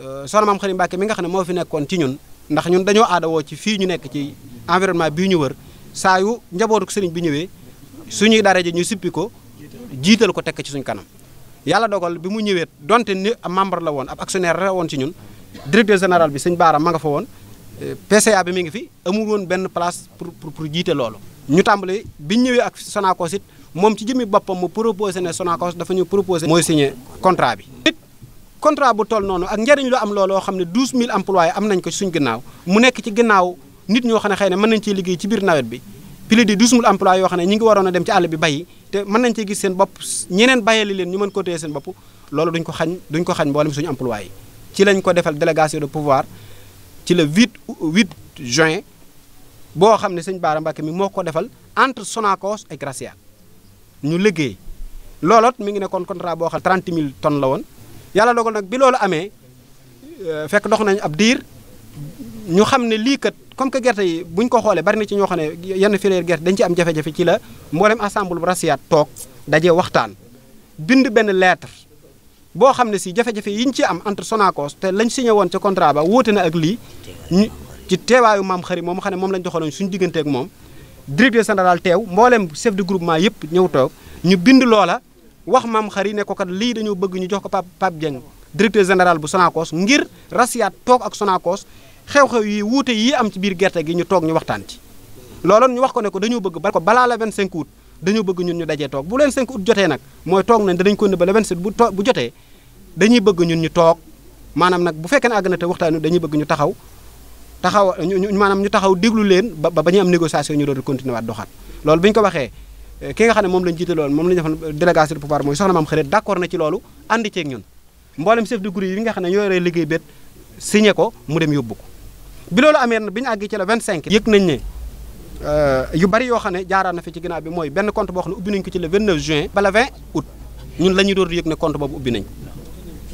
Euh, soxna maam Xadim Mbàkke mi nga xam ne moo fi nekkoon ci ñun ndax ñun dañoo aadawoo ci fii ñu nekk ci environnement bii ñu wër saa yu njabootu sëriñ bi ñëwee suñuy dara ji ñu sippi ko jiital ko tekk ci suñ kanam yàlla dogal bi mu ñëwee donte ni membre la woon ab actionnaire la woon ci ñun directeur général bi sëñ Baara ma nga fa woon euh, PCA bi mi ngi fi amul woon benn place pour pour pour jiite loolu. ñu tàmbali bi ñu ñëwee ak Sonacos it moom ci jëmmi boppam mu proposé ne dafa ñu proposé. mooy signé contrat bi. contrat bu toll noonu ak njariñ lu am looloo xam ne 12000 employés am nañ ko suñ ginnaaw mu nekk ci ginnaaw nit ñoo xam ne xëy na mën nañ ciy liggéey ci biir nawet bi plus de 12000 employés yoo xam ne ñi ngi waroon a dem ci àll bi bayi te mën nañ ciy gis seen bopp ñeneen bayali leen ñu mën ko téye seen bopp loolu duñ ko xañ duñ ko xañ mboolem suñu employés yi ci lañ ko defal délégation de pouvoir ci le 8 8 juin boo xam ne sëñ Baara Mbacke mi moo ko defal entre Sonacos ak ñu liggéey looloot mi ngi nekkoon contrat boo xam ne 30 000 la woon yàlla dogal nag bi loolu amee euh, fekk dox nañ ab diir ñu xam ne lii kat comme que gerte yi bu ñu ko xoolee bari na ci ñoo xam ne yenn filière gerte dañ ci am jafe-jafe ci la mboolem ensemble bu rasiyaat toog daje waxtaan bind benn lettre boo xam ne si jafe-jafe yi ñu ci am entre Sonacos te lañ signé woon ca contrat ba wóote na ak lii ñu ci teewaayu maam xari moom xam ne moom lañ joxaloon suñu digganteeg moom directeur général teew mboolem chef de groupement yëpp ñëw toog ñu bind loola wax maam xari ne ko kat lii dañoo bëgg ñu jox ko Pape Pape Dieng directeur général bu Sonacos ngir rasiyaat toog ak Sonacos xew-xew yi wuute yi am ci biir gerte gi ñu toog ñu waxtaan ci looloon ñu wax ko ne ko dañoo bëgg ba ko balaa la 25 août dañoo bëgg ñun ñu dajee toog bu leen 5 août jotee nag mooy toog nañ danañ ko ne ba le 27 bu bu jotee dañuy bëgg ñun ñu toog maanaam nag bu fekkee ne àgg na te waxtaan dañuy bëgg ñu taxaw taxaw maanaam ñu taxaw déglu leen ba ba ñu am négociation ñu doon continuer waat doxaat loolu bi ko waxee Eh, ki nga xam ne moom lañ jiite loolu moom lañ defoon eh, délégation de pouvoir mooy soxna maam xarit d'accord na ci loolu ànd ceeg ñun mboolem chef de groupe yi nga xam ne ñoo yoree liggéey bet signé ko mu dem yóbbu ko bi loolu amee na bi ñu àgg ci la 25. yëg nañ ne eh, yu bari yoo xam ne jaaraat na fi ci ginnaaw bi mooy benn compte boo xam ne ubbi nañ ko ci le 29 juin ba le 20 ñun la ñu yëg ne compte boobu ubbi nañ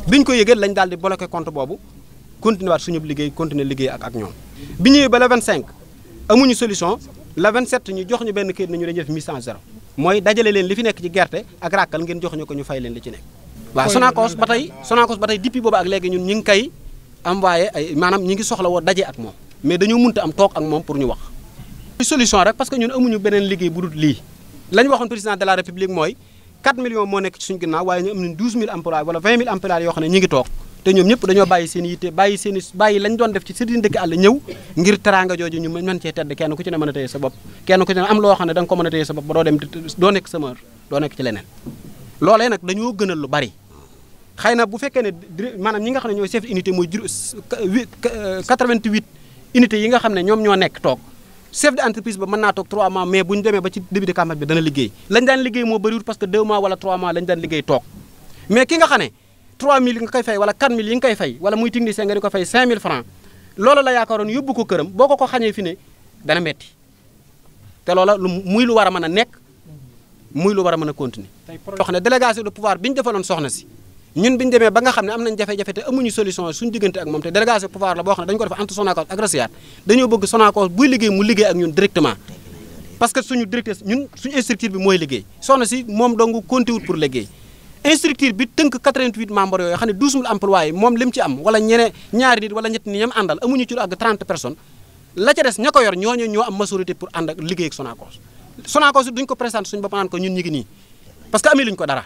bi ñu ko yëgee daal di bloqué compte boobu continué waat liggéey continué liggéey ak ak ñoom bi ñëwee ba le solution le 27 jox ñu benn en zéro mooy dajale leen li fi nekk ci gerte ak ràkkal ngeen jox ñu ko ñu fay leen li ci nekk waaw Sonacos ba tey Sonacos ba tey depuis booba ak léegi ñun ñi ngi koy envoyé ay maanaam ñi ngi soxla woo daje ak moom mais dañoo munta am toog ak moom pour ñu wax solution rek parce que ñun amuñu beneen liggéey bu dul lii la ñu waxoon président de république mooy 4 millions moo nekk ci suñu ginnaaw waaye ñu am nañ 12000 emplois wala 20000 emplois yoo xam ne ngi toog te ñoom ñëpp dañoo bàyyi seen yitte bàyyi seen i bàyyi lañ doon def ci seen dëkk àll ñëw ngir teraanga jooju ñu mën cee tedd kenn ku ci ne mën a téye sa bopp kenn ku ci ne mën a téye sa bopp ba doo dem doo nekk semeur doo nekk ci leneen loolee nag dañoo gënal lu bari xëy na bu fekkee ne maanaam ñi nga xam ne ñooy chef unité mooy jur 88 unité yi ne ñoom ñoo nekk toog chef d'entreprise ba mën naa toog 3 mois mais bu ñu demee ba ci début de campagne bi dana liggéey lañ daan liggéey moo bëriwul parce que 2 mois wala 3 mois lañ daan liggéey ne 3000 nga koy fay wala 4000 yi nga koy fay wala muy technicien nga di ko fay 5000 francs loola la yaakaaroon yóbbu ko këram boo ko ko xañee fi dana metti te loola lu muy lu war a mën a nekk muy lu war a mën a continuer wax ne délégation de pouvoir bi ñu defaloon soxna si ñun bi ñu demee ba nga xam ne am nañ jafe-jafe te amuñu solution suñu diggante ak moom te délégation de pouvoir la boo xam ne dañu ko def entre a ak Rasiaat dañoo bëgg Sonacos buy ñun suñu directeur ñun bi mooy liggéey soxna si moom dong compté pour liggéey instructeur bi tënk 88 membres yooyu xam ne 12000 employés moom lim ci am wala ñene ñaari nit wala ñett ni ñam àndal amuñu ci lu àgg 30 personnes la ca des ña yor ñooñu ñoo am majorité pour ànd ak liggéey ak Sonacos Sonacos duñ ko présenté suñu bopp naan ko ñu ngi nii parce que amee ko dara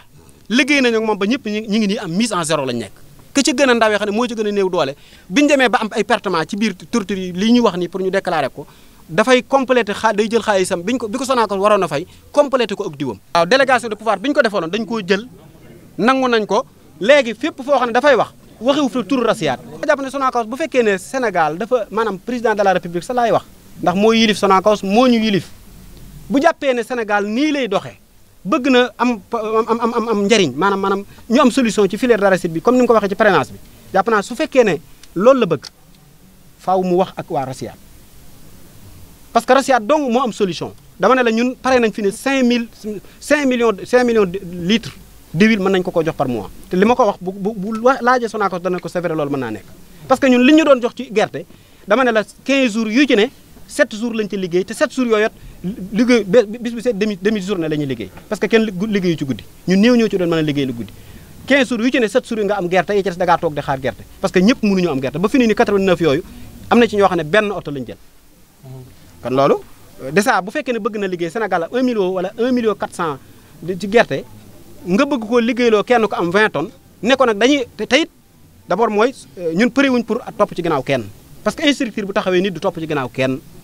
liggéey nañu moom ba ñëpp ñu ngi am mise en zéro lañ nekk ke ci gën a ndawee xam ne moo ci gën a néew doole biñu demee ba am ay ci biir li ñuy wax nii pour ñu a fay complété ko ak diwam waaw délégation de nangu nañ ko léegi fépp foo xam ne dafay wax waxiwu fi turu rasiyaat ma jàpp ne Sonacos bu fekkee ne Sénégal dafa maanaam président de la république sa laay wax ndax moo yilif Sonacos moo ñu yilif bu jàppee ne Sénégal nii lay doxe bëgg na am am am am njariñ maanaam maanaam ñu am solution ci filière d'arachide bi comme ni nga ko waxee ci prénance bi jàpp su fekkee ne loolu la bëgg faaw mu wax ak waa rasiyaat parce que rasiyaat dong moo am solution dama la ñun pare nañ fi ne 5000 5 millions 5 millions de litres 2000 mën nañ ko ko jox par mois te li ma ko wax bu bu bu laajee Sonacos dana ko sévère loolu mën naa nekk parce que ñun li ñu doon jox ci gerte dama ne la 15 jours yu ci ne 7 jours lañ ci liggéey te 7 jours yooyu liggéey bis bi demi demi journée la liggéey parce que kenn liggéeyu ci guddi ñun néew ñoo ci doon mën a liggéey lu guddi 15 jours yu ci ne 7 jours yi nga am gerte yi ci toog di xaar gerte parce que ñëpp mënuñu na ci ñoo xam ne nga bëgg koo liggéeyloo kenn ko am 20 tonnes ne ko nag dañuy te it d'abord mooy euh, ñun përiwuñ pour topp ci gannaaw kenn parce que instructeur bu taxawee nit du topp ci ganaaw kenn